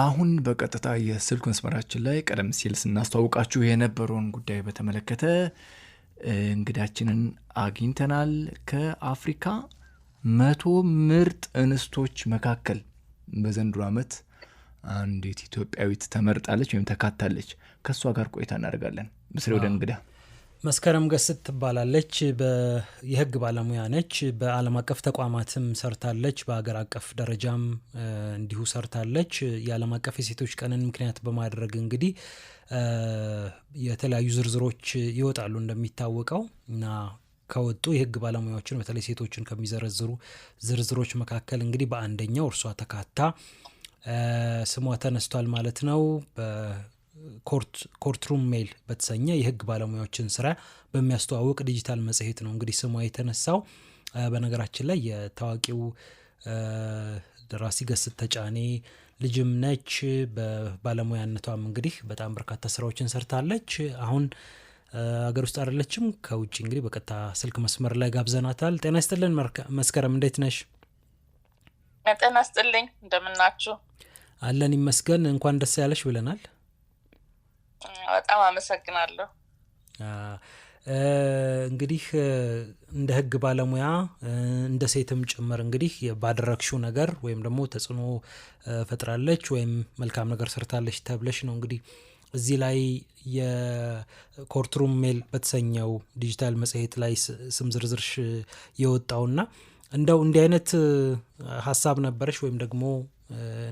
አሁን በቀጥታ የስልክ መስመራችን ላይ ቀደም ሲል ስናስተዋውቃችሁ የነበረውን ጉዳይ በተመለከተ እንግዳችንን አግኝተናል። ከአፍሪካ መቶ ምርጥ እንስቶች መካከል በዘንድሮ ዓመት አንዲት ኢትዮጵያዊት ተመርጣለች ወይም ተካታለች። ከእሷ ጋር ቆይታ እናደርጋለን። ምስሌ ወደ እንግዳ መስከረም ገስት ትባላለች። የህግ ባለሙያ ነች። በዓለም አቀፍ ተቋማትም ሰርታለች። በሀገር አቀፍ ደረጃም እንዲሁ ሰርታለች። የዓለም አቀፍ የሴቶች ቀንን ምክንያት በማድረግ እንግዲህ የተለያዩ ዝርዝሮች ይወጣሉ እንደሚታወቀው እና ከወጡ የህግ ባለሙያዎችን በተለይ ሴቶችን ከሚዘረዝሩ ዝርዝሮች መካከል እንግዲህ በአንደኛው እርሷ ተካታ ስሟ ተነስቷል ማለት ነው። ኮርትሩም ሜል በተሰኘ የህግ ባለሙያዎችን ስራ በሚያስተዋውቅ ዲጂታል መጽሔት ነው እንግዲህ ስሟ የተነሳው። በነገራችን ላይ የታዋቂው ደራሲ ገስት ተጫኔ ልጅም ነች። በባለሙያነቷም እንግዲህ በጣም በርካታ ስራዎችን ሰርታለች። አሁን አገር ውስጥ አይደለችም፣ ከውጭ እንግዲህ በቀጥታ ስልክ መስመር ላይ ጋብዘናታል። ጤና ይስጥልን መስከረም፣ እንዴት ነሽ? ጤና ይስጥልኝ፣ እንደምናችሁ አለን ይመስገን። እንኳን ደስ ያለሽ ብለናል። በጣም አመሰግናለሁ። እንግዲህ እንደ ህግ ባለሙያ እንደ ሴትም ጭምር እንግዲህ ባደረግሽው ነገር ወይም ደግሞ ተጽዕኖ ፈጥራለች ወይም መልካም ነገር ሰርታለች ተብለሽ ነው እንግዲህ እዚህ ላይ የኮርትሩም ሜል በተሰኘው ዲጂታል መጽሔት ላይ ስም ዝርዝርሽ የወጣውና እንደው እንዲህ አይነት ሀሳብ ነበረሽ ወይም ደግሞ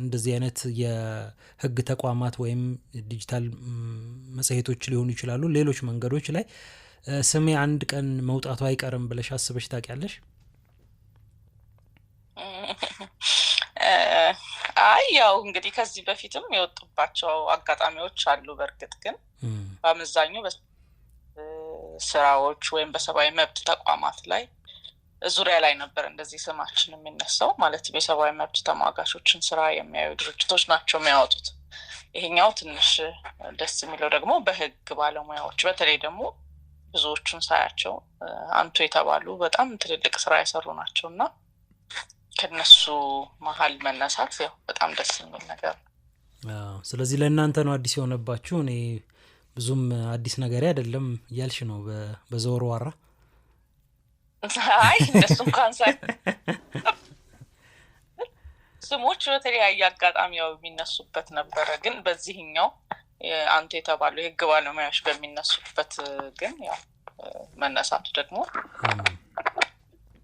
እንደዚህ አይነት የህግ ተቋማት ወይም ዲጂታል መጽሔቶች ሊሆኑ ይችላሉ፣ ሌሎች መንገዶች ላይ ስሜ አንድ ቀን መውጣቱ አይቀርም ብለሽ አስበሽ ታውቂያለሽ? አይ ያው እንግዲህ ከዚህ በፊትም የወጡባቸው አጋጣሚዎች አሉ። በእርግጥ ግን በአመዛኙ ስራዎች ወይም በሰብአዊ መብት ተቋማት ላይ ዙሪያ ላይ ነበር እንደዚህ ስማችን የሚነሳው። ማለትም የሰብአዊ መብት ተሟጋቾችን ስራ የሚያዩ ድርጅቶች ናቸው የሚያወጡት። ይሄኛው ትንሽ ደስ የሚለው ደግሞ በህግ ባለሙያዎች በተለይ ደግሞ ብዙዎቹን ሳያቸው አንቱ የተባሉ በጣም ትልልቅ ስራ የሰሩ ናቸው እና ከነሱ መሀል መነሳት ያው በጣም ደስ የሚል ነገር ነው። ስለዚህ ለእናንተ ነው አዲስ የሆነባችሁ። እኔ ብዙም አዲስ ነገር አይደለም እያልሽ ነው በዘወር ዋራ አይ እንደሱ እንኳን ስሞች በተለያየ አጋጣሚ ያው የሚነሱበት ነበረ። ግን በዚህኛው አንቱ የተባለው የህግ ባለሙያዎች በሚነሱበት ግን ያው መነሳቱ ደግሞ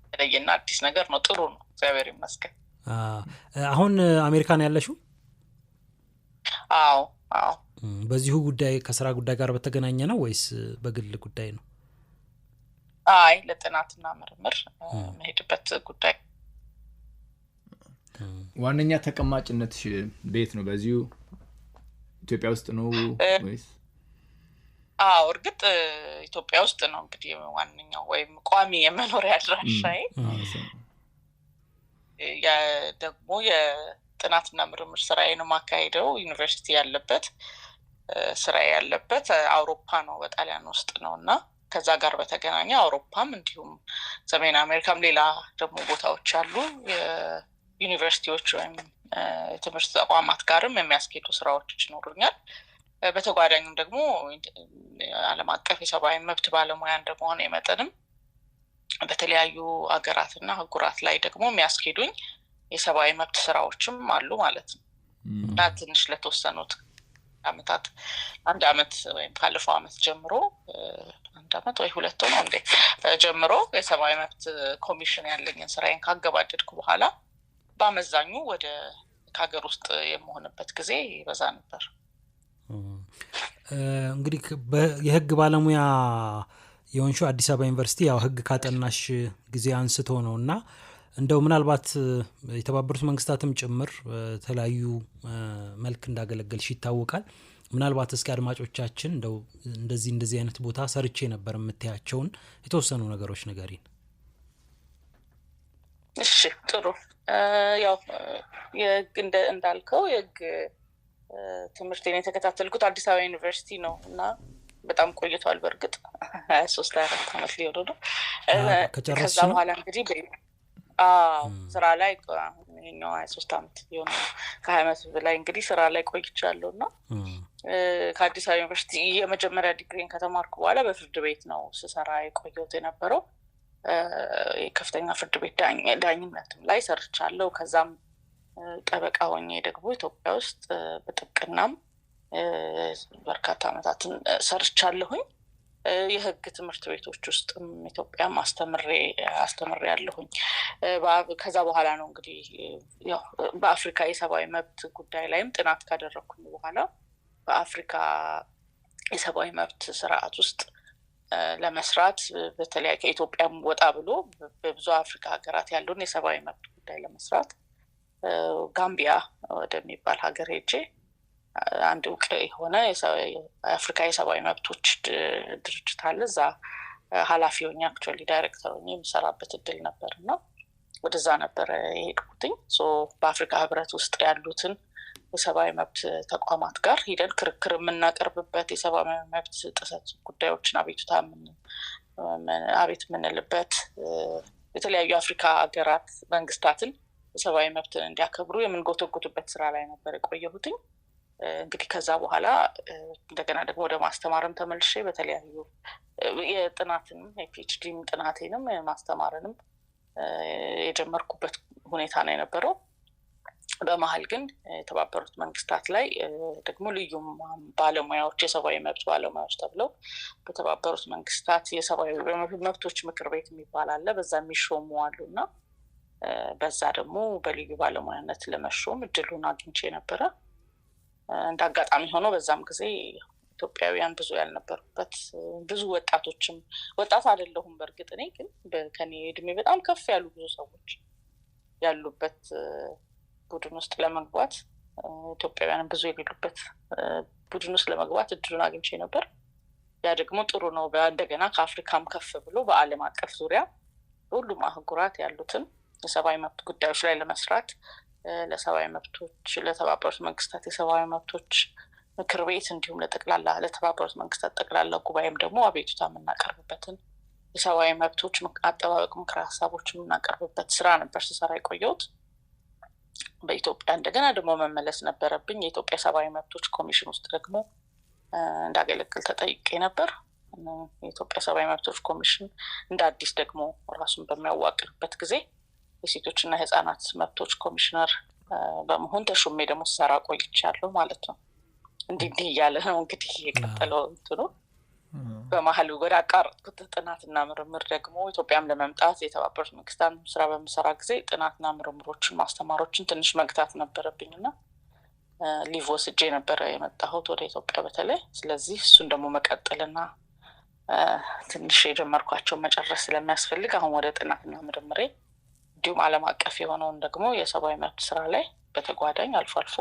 የተለየና አዲስ ነገር ነው። ጥሩ ነው። እግዚአብሔር ይመስገን። አሁን አሜሪካን ያለሽው? አዎ አዎ። በዚሁ ጉዳይ ከስራ ጉዳይ ጋር በተገናኘ ነው ወይስ በግል ጉዳይ ነው? አይ ለጥናትና ምርምር መሄድበት ጉዳይ ዋነኛ ተቀማጭነት ቤት ነው በዚሁ ኢትዮጵያ ውስጥ ነው ወይስ? አዎ እርግጥ ኢትዮጵያ ውስጥ ነው እንግዲህ ዋነኛው ወይም ቋሚ የመኖሪያ አድራሻዬ። ደግሞ የጥናትና ምርምር ነው ማካሄደው ዩኒቨርሲቲ ያለበት ስራ ያለበት አውሮፓ ነው፣ በጣሊያን ውስጥ ነው እና ከዛ ጋር በተገናኘ አውሮፓም እንዲሁም ሰሜን አሜሪካም ሌላ ደግሞ ቦታዎች አሉ ዩኒቨርሲቲዎች ወይም ትምህርት ተቋማት ጋርም የሚያስኬዱ ስራዎች ይኖሩኛል። በተጓዳኝም ደግሞ አለም አቀፍ የሰብአዊ መብት ባለሙያ እንደመሆን የመጠንም በተለያዩ ሀገራትና ህጉራት ላይ ደግሞ የሚያስኬዱኝ የሰብአዊ መብት ስራዎችም አሉ ማለት ነው እና ትንሽ ለተወሰኑት አመታት አንድ አመት ወይም ካለፈው አመት ጀምሮ አንድ አመት ወይ ሁለት ነው እንዴ ጀምሮ የሰብአዊ መብት ኮሚሽን ያለኝን ስራዬን ካገባደድኩ በኋላ በአመዛኙ ወደ ከሀገር ውስጥ የመሆንበት ጊዜ ይበዛ ነበር። እንግዲህ የህግ ባለሙያ የሆንሹ አዲስ አበባ ዩኒቨርሲቲ ያው ህግ ካጠናሽ ጊዜ አንስቶ ነው እና እንደው ምናልባት የተባበሩት መንግስታትም ጭምር በተለያዩ መልክ እንዳገለገልሽ ይታወቃል። ምናልባት እስኪ አድማጮቻችን እንደው እንደዚህ እንደዚህ አይነት ቦታ ሰርቼ ነበር የምታያቸውን የተወሰኑ ነገሮች ንገሪን። እሺ ጥሩ ያው የህግ እንዳልከው የህግ ትምህርቴን የተከታተልኩት አዲስ አበባ ዩኒቨርሲቲ ነው እና በጣም ቆይቷል። በእርግጥ ሀያ ሶስት አራት አመት ሊሆኑ ነው። ከዛ በኋላ እንግዲህ ስራ ላይ ይኛው ሀያ ሶስት አመት ሊሆኑ ከሀያ አመት በላይ እንግዲህ ስራ ላይ ቆይቻለሁ እና ከአዲስ አበባ ዩኒቨርሲቲ የመጀመሪያ ዲግሪን ከተማርኩ በኋላ በፍርድ ቤት ነው ስሰራ የቆየሁት የነበረው የከፍተኛ ፍርድ ቤት ዳኝነትም ላይ ሰርቻለሁ። ከዛም ጠበቃ ሆኜ ደግሞ ኢትዮጵያ ውስጥ በጥብቅናም በርካታ አመታትን ሰርቻለሁኝ። የህግ ትምህርት ቤቶች ውስጥም ኢትዮጵያም አስተምሬ አስተምሬ ያለሁኝ። ከዛ በኋላ ነው እንግዲህ በአፍሪካ የሰብአዊ መብት ጉዳይ ላይም ጥናት ካደረግኩኝ በኋላ በአፍሪካ የሰብአዊ መብት ስርዓት ውስጥ ለመስራት በተለይ ከኢትዮጵያም ወጣ ብሎ በብዙ አፍሪካ ሀገራት ያለውን የሰብአዊ መብት ጉዳይ ለመስራት ጋምቢያ ወደሚባል ሀገር ሄጄ አንድ እውቅ የሆነ አፍሪካ የሰብአዊ መብቶች ድርጅት አለ። እዛ ሀላፊ ሆኜ አክቹዋሊ ዳይሬክተር ሆኜ የምሰራበት እድል ነበር እና ወደዛ ነበረ የሄድኩትኝ በአፍሪካ ህብረት ውስጥ ያሉትን ከሰብአዊ መብት ተቋማት ጋር ሂደን ክርክር የምናቀርብበት የሰብአዊ መብት ጥሰት ጉዳዮችን አቤቱታ አቤት የምንልበት የተለያዩ አፍሪካ ሀገራት መንግስታትን ሰብአዊ መብትን እንዲያከብሩ የምንጎተጎትበት ስራ ላይ ነበር የቆየሁትኝ። እንግዲህ ከዛ በኋላ እንደገና ደግሞ ወደ ማስተማርም ተመልሼ በተለያዩ የጥናትንም የፒችዲም ጥናቴንም ማስተማርንም የጀመርኩበት ሁኔታ ነው የነበረው። በመሀል ግን የተባበሩት መንግስታት ላይ ደግሞ ልዩ ባለሙያዎች የሰብአዊ መብት ባለሙያዎች ተብለው በተባበሩት መንግስታት የሰብአዊ መብቶች ምክር ቤት የሚባል አለ። በዛ የሚሾሙ አሉ እና በዛ ደግሞ በልዩ ባለሙያነት ለመሾም እድሉን አግኝቼ ነበረ። እንደ አጋጣሚ ሆኖ በዛም ጊዜ ኢትዮጵያውያን ብዙ ያልነበሩበት ብዙ ወጣቶችም ወጣት አይደለሁም በእርግጥ እኔ ግን ከኔ እድሜ በጣም ከፍ ያሉ ብዙ ሰዎች ያሉበት ቡድን ውስጥ ለመግባት ኢትዮጵያውያን ብዙ የሌሉበት ቡድን ውስጥ ለመግባት እድሉን አግኝቼ ነበር። ያ ደግሞ ጥሩ ነው። እንደገና ከአፍሪካም ከፍ ብሎ በአለም አቀፍ ዙሪያ ሁሉም አህጉራት ያሉትን የሰብአዊ መብት ጉዳዮች ላይ ለመስራት ለሰብአዊ መብቶች ለተባበሩት መንግስታት የሰብአዊ መብቶች ምክር ቤት እንዲሁም ለጠቅላላ ለተባበሩት መንግስታት ጠቅላላ ጉባኤም ደግሞ አቤቱታ የምናቀርብበትን የሰብአዊ መብቶች አጠባበቅ ምክር ሀሳቦች የምናቀርብበት ስራ ነበር ስሰራ የቆየውት በኢትዮጵያ እንደገና ደግሞ መመለስ ነበረብኝ። የኢትዮጵያ ሰብአዊ መብቶች ኮሚሽን ውስጥ ደግሞ እንዳገለግል ተጠይቄ ነበር። የኢትዮጵያ ሰብአዊ መብቶች ኮሚሽን እንደ አዲስ ደግሞ ራሱን በሚያዋቅርበት ጊዜ የሴቶችና የህፃናት መብቶች ኮሚሽነር በመሆን ተሹሜ ደግሞ ሰራ ቆይቻለሁ ማለት ነው። እንዲህ እንዲህ እያለ ነው እንግዲህ የቀጠለው እንትኑ በመሀል ወደ አቃር ጥናትና ምርምር ደግሞ ኢትዮጵያም ለመምጣት የተባበሩት መንግስታት ስራ በምሰራ ጊዜ ጥናትና ምርምሮችን ማስተማሮችን ትንሽ መግታት ነበረብኝና ሊቭ ወስጄ ነበረ የመጣሁት ወደ ኢትዮጵያ በተለይ። ስለዚህ እሱን ደግሞ መቀጠልና ትንሽ የጀመርኳቸውን መጨረስ ስለሚያስፈልግ አሁን ወደ ጥናትና ምርምሬ እንዲሁም አለም አቀፍ የሆነውን ደግሞ የሰብአዊ መብት ስራ ላይ በተጓዳኝ አልፎ አልፎ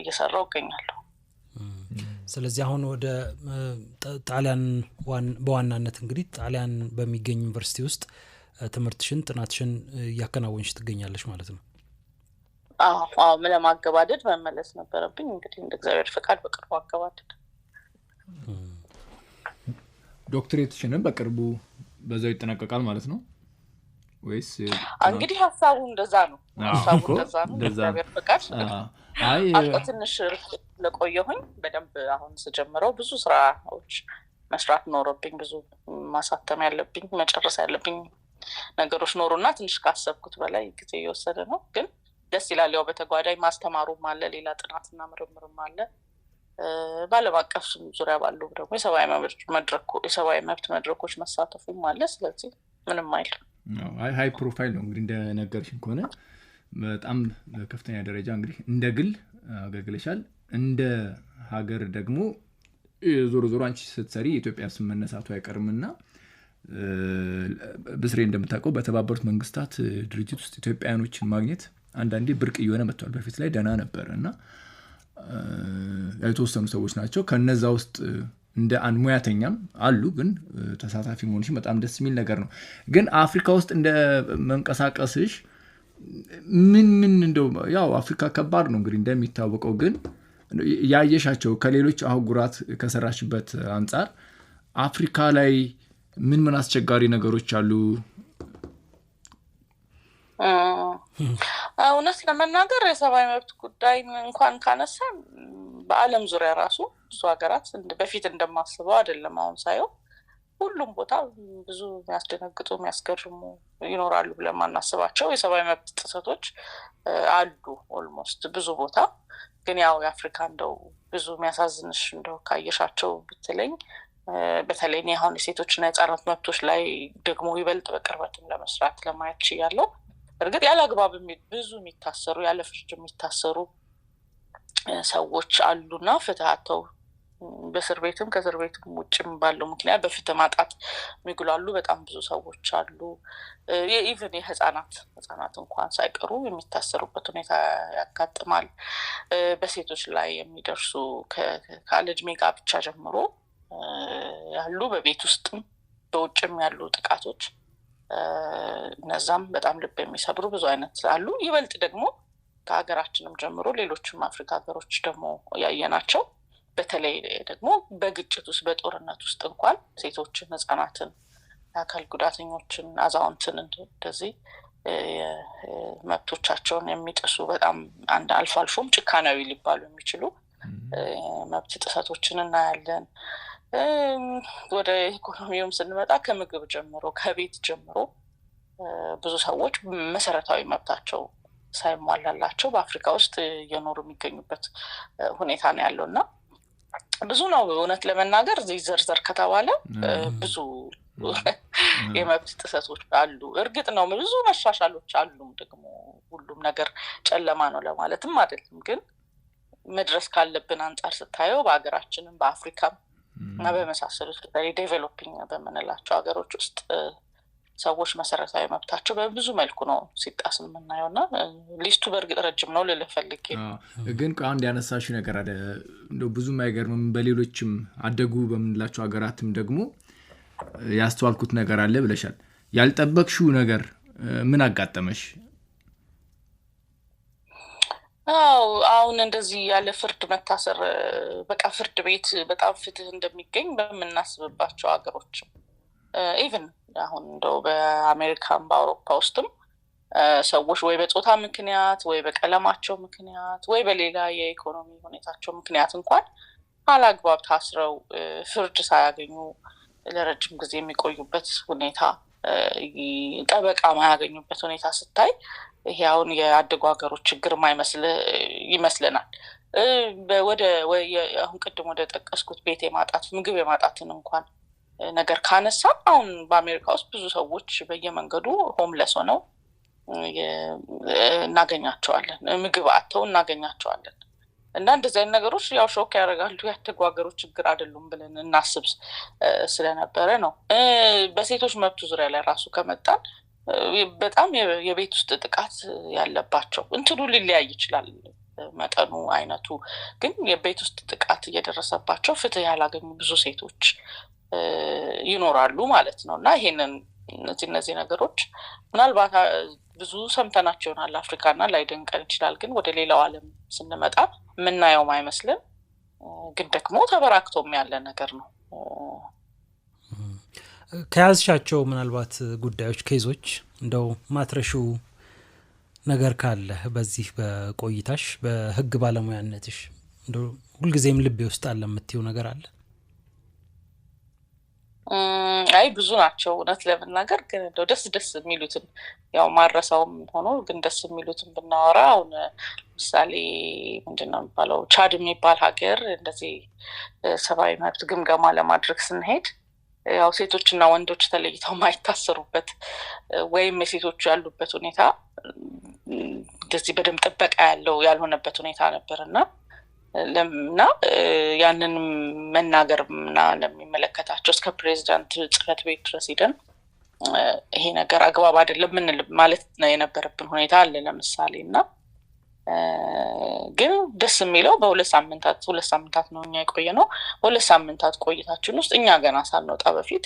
እየሰራው እገኛለሁ። ስለዚህ አሁን ወደ ጣሊያን በዋናነት እንግዲህ ጣሊያን በሚገኝ ዩኒቨርሲቲ ውስጥ ትምህርትሽን ጥናትሽን እያከናወንሽ ትገኛለች ማለት ነው። አዎ ለማገባደድ መመለስ ነበረብኝ። እንግዲህ እንደ እግዚአብሔር ፈቃድ በቅርቡ አገባደድ። ዶክትሬትሽንም በቅርቡ በዛው ይጠናቀቃል ማለት ነው። ወይስ እንግዲህ ሀሳቡ እንደዛ ነው። ሀሳቡ እንደዛ ነው። እግዚአብሔር ፈቃድ አልቆ ትንሽ ለቆየሁኝ በደንብ አሁን ስጀምረው ብዙ ስራዎች መስራት ኖረብኝ፣ ብዙ ማሳተም ያለብኝ መጨረስ ያለብኝ ነገሮች ኖሩና ትንሽ ካሰብኩት በላይ ጊዜ እየወሰደ ነው። ግን ደስ ይላል። ያው በተጓዳኝ ማስተማሩም አለ፣ ሌላ ጥናትና ምርምርም አለ። በአለም አቀፍ ዙሪያ ባሉ ደግሞ የሰብአዊ መብት መድረኮች መሳተፉም አለ። ስለዚህ ምንም አይልም። ሀይ ፕሮፋይል ነው እንግዲህ እንደነገርሽን ከሆነ በጣም በከፍተኛ ደረጃ እንግዲህ እንደ ግል አገልግለሻል። እንደ ሀገር ደግሞ ዞሮ ዞሮ አንቺ ስትሰሪ የኢትዮጵያ ስም መነሳቱ አይቀርምና ብስሬ እንደምታውቀው በተባበሩት መንግስታት ድርጅት ውስጥ ኢትዮጵያውያኖችን ማግኘት አንዳንዴ ብርቅ እየሆነ መጥቷል። በፊት ላይ ደና ነበር እና የተወሰኑ ሰዎች ናቸው ከነዛ ውስጥ እንደ አንድ ሙያተኛም አሉ፣ ግን ተሳታፊ መሆንሽ በጣም ደስ የሚል ነገር ነው። ግን አፍሪካ ውስጥ እንደ መንቀሳቀስሽ ምን ምን እንደው ያው አፍሪካ ከባድ ነው እንግዲህ እንደሚታወቀው፣ ግን ያየሻቸው ከሌሎች አህጉራት ከሰራሽበት አንጻር አፍሪካ ላይ ምን ምን አስቸጋሪ ነገሮች አሉ? እውነት ለመናገር የሰብአዊ መብት ጉዳይ እንኳን ካነሳ በአለም ዙሪያ ራሱ ብዙ ሀገራት በፊት እንደማስበው አይደለም። አሁን ሳየው ሁሉም ቦታ ብዙ የሚያስደነግጡ የሚያስገርሙ ይኖራሉ ብለን የሰብአዊ መብት ጥሰቶች አሉ። ኦልሞስት ብዙ ቦታ ግን ያው የአፍሪካ እንደው ብዙ የሚያሳዝንሽ እንደው ካየሻቸው ብትለኝ በተለይ አሁን የሴቶችና የህጻናት መብቶች ላይ ደግሞ ይበልጥ በቅርበትም ለመስራት ለማየት ችያለሁ። እርግጥ ያለ አግባብ ብዙ የሚታሰሩ ያለ ፍርድ የሚታሰሩ ሰዎች አሉና ፍትህ አጥተው በእስር ቤትም ከእስር ቤትም ውጭም ባለው ምክንያት በፍትህ ማጣት የሚጉላሉ በጣም ብዙ ሰዎች አሉ። ኢቨን የህጻናት ህጻናት እንኳን ሳይቀሩ የሚታሰሩበት ሁኔታ ያጋጥማል። በሴቶች ላይ የሚደርሱ ካለ እድሜ ጋብቻ ጀምሮ ያሉ በቤት ውስጥም በውጭም ያሉ ጥቃቶች እነዛም በጣም ልብ የሚሰብሩ ብዙ አይነት አሉ። ይበልጥ ደግሞ ከሀገራችንም ጀምሮ ሌሎችም አፍሪካ ሀገሮች ደግሞ ናቸው። በተለይ ደግሞ በግጭት ውስጥ በጦርነት ውስጥ እንኳን ሴቶችን፣ ህጻናትን፣ አካል ጉዳተኞችን፣ አዛውንትን እንደዚህ መብቶቻቸውን የሚጥሱ በጣም አንድ አልፎ አልፎም ጭካናዊ ሊባሉ የሚችሉ መብት ጥሰቶችን እናያለን። ወደ ኢኮኖሚውም ስንመጣ ከምግብ ጀምሮ ከቤት ጀምሮ ብዙ ሰዎች መሰረታዊ መብታቸው ሳይሟላላቸው በአፍሪካ ውስጥ እየኖሩ የሚገኙበት ሁኔታ ነው ያለው እና ብዙ ነው እውነት ለመናገር እዚህ ዘርዘር ከተባለ ብዙ የመብት ጥሰቶች አሉ። እርግጥ ነው ብዙ መሻሻሎች አሉም ደግሞ ሁሉም ነገር ጨለማ ነው ለማለትም አይደለም። ግን መድረስ ካለብን አንጻር ስታየው በሀገራችንም በአፍሪካም እና በመሳሰሉት በተለይ ዴቨሎፒንግ በምንላቸው ሀገሮች ውስጥ ሰዎች መሰረታዊ መብታቸው በብዙ መልኩ ነው ሲጣስ የምናየው እና ሊስቱ በእርግጥ ረጅም ነው ልልፈልግ ግን ግን አንድ ያነሳሽ ነገር አለ እንደው ብዙ አይገርምም። በሌሎችም አደጉ በምንላቸው ሀገራትም ደግሞ ያስተዋልኩት ነገር አለ ብለሻል። ያልጠበቅሽው ነገር ምን አጋጠመሽ? አው አሁን እንደዚህ ያለ ፍርድ መታሰር በቃ ፍርድ ቤት በጣም ፍትህ እንደሚገኝ በምናስብባቸው ሀገሮችም ኢቨን አሁን እንደው በአሜሪካም በአውሮፓ ውስጥም ሰዎች ወይ በጾታ ምክንያት ወይ በቀለማቸው ምክንያት ወይ በሌላ የኢኮኖሚ ሁኔታቸው ምክንያት እንኳን አላግባብ ታስረው ፍርድ ሳያገኙ ለረጅም ጊዜ የሚቆዩበት ሁኔታ ጠበቃ ማያገኙበት ሁኔታ ስታይ ይሄ አሁን የአደጉ ሀገሮች ችግር ማይመስል ይመስለናል። ወደ አሁን ቅድም ወደ ጠቀስኩት ቤት የማጣት ምግብ የማጣትን እንኳን ነገር ካነሳ አሁን በአሜሪካ ውስጥ ብዙ ሰዎች በየመንገዱ ሆምለስ ሆነው እናገኛቸዋለን። ምግብ አተው እናገኛቸዋለን። እና እንደዚህ አይነት ነገሮች ያው ሾክ ያደርጋሉ። ያደጉ ሀገሮች ችግር አይደሉም ብለን እናስብ ስለነበረ ነው። በሴቶች መብቱ ዙሪያ ላይ ራሱ ከመጣን በጣም የቤት ውስጥ ጥቃት ያለባቸው እንትኑ ሊለያይ ይችላል መጠኑ አይነቱ ግን የቤት ውስጥ ጥቃት እየደረሰባቸው ፍትህ ያላገኙ ብዙ ሴቶች ይኖራሉ ማለት ነው እና ይሄንን እነዚህ እነዚህ ነገሮች ምናልባት ብዙ ሰምተናቸውናል አፍሪካና ላይደንቀን ይችላል። ግን ወደ ሌላው አለም ስንመጣ የምናየውም አይመስልም። ግን ደግሞ ተበራክቶም ያለ ነገር ነው። ከያዝሻቸው ምናልባት ጉዳዮች፣ ኬዞች እንደው ማትረሹ ነገር ካለ በዚህ በቆይታሽ በህግ ባለሙያነትሽ ሁልጊዜም ልቤ ውስጥ አለ የምትው ነገር አለ? አይ ብዙ ናቸው እውነት ለመናገር ግን እንደው ደስ ደስ የሚሉትን ያው ማረሰውም ሆኖ ግን ደስ የሚሉትን ብናወራ አሁን ምሳሌ ምንድን ነው የሚባለው ቻድ የሚባል ሀገር እንደዚህ ሰብአዊ መብት ግምገማ ለማድረግ ስንሄድ ያው ሴቶችና ወንዶች ተለይተው ማይታሰሩበት ወይም የሴቶች ያሉበት ሁኔታ እንደዚህ በደንብ ጥበቃ ያለው ያልሆነበት ሁኔታ ነበር እና እና ያንን መናገር ና ለሚመለከታቸው እስከ ፕሬዚዳንት ጽህፈት ቤት ድረስ ይሄ ነገር አግባብ አይደለም ምን ማለት የነበረብን ሁኔታ አለ ለምሳሌ እና ግን ደስ የሚለው በሁለት ሳምንታት ሁለት ሳምንታት ነው እኛ የቆየ ነው። በሁለት ሳምንታት ቆይታችን ውስጥ እኛ ገና ሳንወጣ በፊት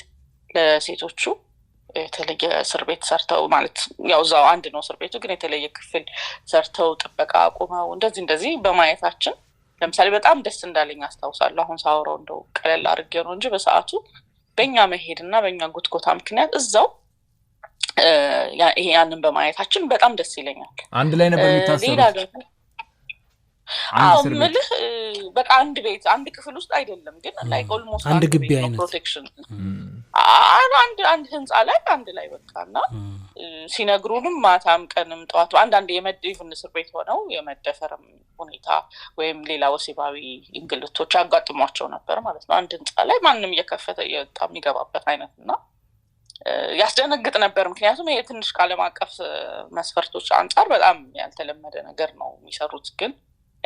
ለሴቶቹ የተለየ እስር ቤት ሰርተው ማለት ያው እዛው አንድ ነው እስር ቤቱ ግን የተለየ ክፍል ሰርተው ጥበቃ አቁመው እንደዚህ እንደዚህ በማየታችን ለምሳሌ በጣም ደስ እንዳለኝ አስታውሳለሁ። አሁን ሳውረው እንደው ቀለል አድርጌ ነው እንጂ በሰአቱ በእኛ መሄድ እና በእኛ ጎትጎታ ምክንያት እዛው ይሄ ያንን በማየታችን በጣም ደስ ይለኛል። አንድ ላይ ነበር የሚታሰሩት። ምልህ በቃ አንድ ቤት አንድ ክፍል ውስጥ አይደለም ግን ላይ ኦልሞስት አንድ ግቢ አይነት ፕሮቴክሽን አንድ ህንፃ ላይ አንድ ላይ በቃ እና ሲነግሩንም ማታም ቀንም ጠዋቱ አንዳንድ የመድን እስር ቤት ሆነው የመደፈርም ሁኔታ ወይም ሌላ ወሲባዊ እንግልቶች ያጋጥሟቸው ነበር ማለት ነው። አንድ ህንፃ ላይ ማንም እየከፈተ እየወጣ የሚገባበት አይነት እና ያስደነግጥ ነበር። ምክንያቱም ይሄ ትንሽ ከዓለም አቀፍ መስፈርቶች አንጻር በጣም ያልተለመደ ነገር ነው የሚሰሩት። ግን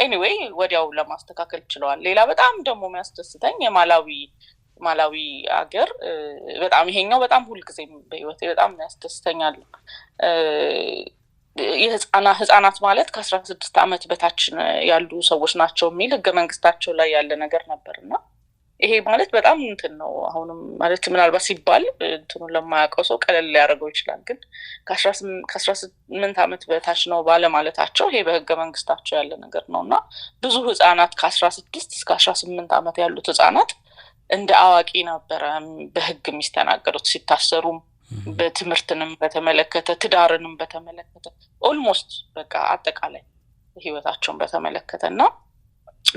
ኤኒዌይ ወዲያው ለማስተካከል ችለዋል። ሌላ በጣም ደግሞ የሚያስደስተኝ የማላዊ ማላዊ ሀገር በጣም ይሄኛው በጣም ሁልጊዜ በህይወት በጣም ያስደስተኛል። ህጻናት ማለት ከአስራ ስድስት ዓመት በታች ያሉ ሰዎች ናቸው የሚል ህገ መንግስታቸው ላይ ያለ ነገር ነበር እና ይሄ ማለት በጣም እንትን ነው። አሁንም ማለት ምናልባት ሲባል እንትኑን ለማያውቀው ሰው ቀለል ሊያደርገው ይችላል። ግን ከአስራ ስምንት ዓመት በታች ነው ባለማለታቸው ይሄ በህገ መንግስታቸው ያለ ነገር ነው እና ብዙ ህጻናት ከአስራ ስድስት እስከ አስራ ስምንት ዓመት ያሉት ህጻናት እንደ አዋቂ ነበረ በህግ የሚስተናገዱት ሲታሰሩም በትምህርትንም በተመለከተ ትዳርንም በተመለከተ ኦልሞስት በቃ አጠቃላይ ህይወታቸውን በተመለከተ እና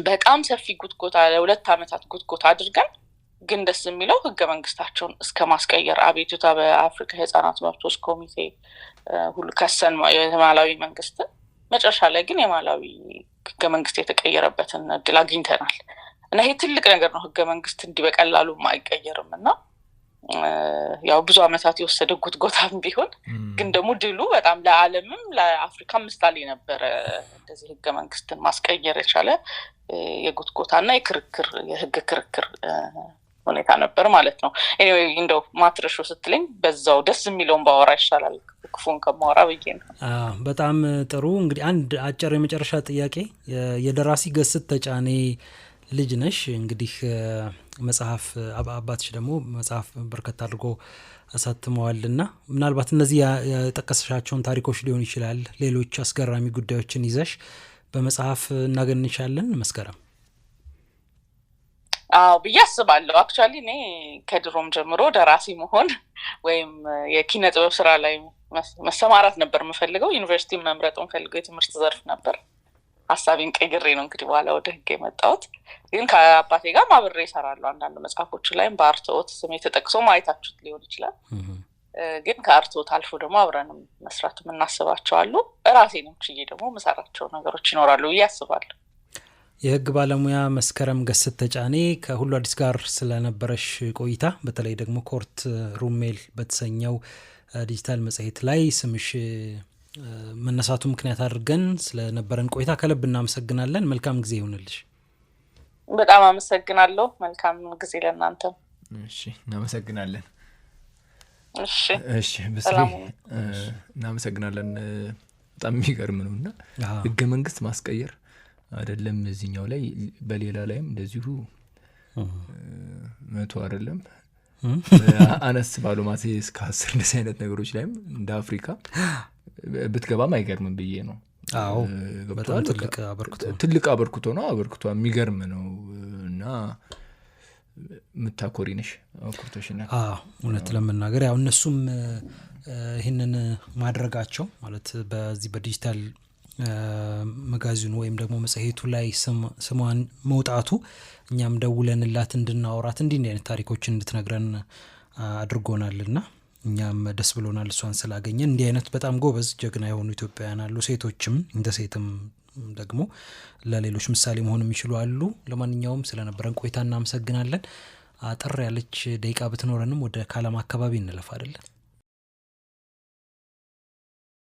በጣም ሰፊ ጉትጎታ ለሁለት ዓመታት ጉትጎታ አድርገን ግን ደስ የሚለው ህገ መንግስታቸውን እስከ ማስቀየር አቤቱታ በአፍሪካ የህፃናት መብቶች ኮሚቴ ሁሉ ከሰን የማላዊ መንግስትን መጨረሻ ላይ ግን የማላዊ ህገ መንግስት የተቀየረበትን እድል አግኝተናል። እና ይሄ ትልቅ ነገር ነው። ህገ መንግስት እንዲህ በቀላሉ አይቀየርም እና ያው ብዙ አመታት የወሰደ ጉትጎታም ቢሆን ግን ደግሞ ድሉ በጣም ለአለምም ለአፍሪካ ምሳሌ ነበረ። እንደዚህ ህገ መንግስትን ማስቀየር የቻለ የጉትጎታ እና የክርክር የህግ ክርክር ሁኔታ ነበር ማለት ነው። እንደው ማትረሾ ስትለኝ በዛው ደስ የሚለውን ባወራ ይሻላል ክፉን ከማወራ ብዬ ነው። በጣም ጥሩ እንግዲህ አንድ አጭር የመጨረሻ ጥያቄ የደራሲ ገስት ተጫኔ ልጅ ነሽ እንግዲህ መጽሐፍ አባትሽ ደግሞ መጽሐፍ በርከት አድርጎ አሳትመዋል እና ምናልባት እነዚህ የጠቀሰሻቸውን ታሪኮች ሊሆን ይችላል ሌሎች አስገራሚ ጉዳዮችን ይዘሽ በመጽሐፍ እናገንሻለን መስከረም አዎ ብዬ አስባለሁ። አክቹዋሊ እኔ ከድሮም ጀምሮ ደራሲ መሆን ወይም የኪነ ጥበብ ስራ ላይ መሰማራት ነበር የምፈልገው። ዩኒቨርሲቲ መምረጥ ፈልገው የትምህርት ዘርፍ ነበር። ሀሳቤን ቀይሬ ነው እንግዲህ በኋላ ወደ ህግ የመጣሁት። ግን ከአባቴ ጋር ማብሬ ይሰራሉ አንዳንድ መጽሐፎች ላይም በአርቶት ስሜ ተጠቅሶ ማየታችሁት ሊሆን ይችላል። ግን ከአርቶት አልፎ ደግሞ አብረንም መስራት የምናስባቸው አሉ። እራሴንም ችዬ ደግሞ መሰራቸው ነገሮች ይኖራሉ ብዬ አስባለሁ። የህግ ባለሙያ መስከረም ገስት ተጫኔ ከሁሉ አዲስ ጋር ስለነበረሽ ቆይታ በተለይ ደግሞ ኮርት ሩሜል በተሰኘው ዲጂታል መጽሄት ላይ ስምሽ መነሳቱ ምክንያት አድርገን ስለነበረን ቆይታ ከልብ እናመሰግናለን። መልካም ጊዜ ይሆንልሽ። በጣም አመሰግናለሁ። መልካም ጊዜ ለእናንተም። እሺ፣ እናመሰግናለን። እሺ፣ እናመሰግናለን። በጣም የሚገርም ነው እና ህገ መንግስት ማስቀየር አይደለም እዚህኛው ላይ በሌላ ላይም እንደዚሁ መቶ አይደለም አነስ ባሉ ማሴ እስከ አስር እንደዚህ አይነት ነገሮች ላይም እንደ አፍሪካ ብትገባም አይገርምም ብዬ ነው። ትልቅ አበርክቶ ነው። አበርክቶ የሚገርም ነው እና ምታኮሪ ነሽ ኩርቶሽና እውነት ለመናገር ያው እነሱም ይህንን ማድረጋቸው ማለት በዚህ በዲጂታል መጋዚኑ ወይም ደግሞ መጽሔቱ ላይ ስሟን መውጣቱ እኛም ደውለንላት እንድናወራት እንዲህ እንዲህ አይነት ታሪኮችን እንድትነግረን አድርጎናልና እኛም ደስ ብሎናል እሷን ስላገኘ እንዲህ አይነት በጣም ጎበዝ ጀግና የሆኑ ኢትዮጵያውያን አሉ። ሴቶችም እንደ ሴትም ደግሞ ለሌሎች ምሳሌ መሆን የሚችሉ አሉ። ለማንኛውም ስለነበረን ቆይታ እናመሰግናለን። አጠር ያለች ደቂቃ ብትኖረንም ወደ ካለም አካባቢ እንለፍ አይደለን?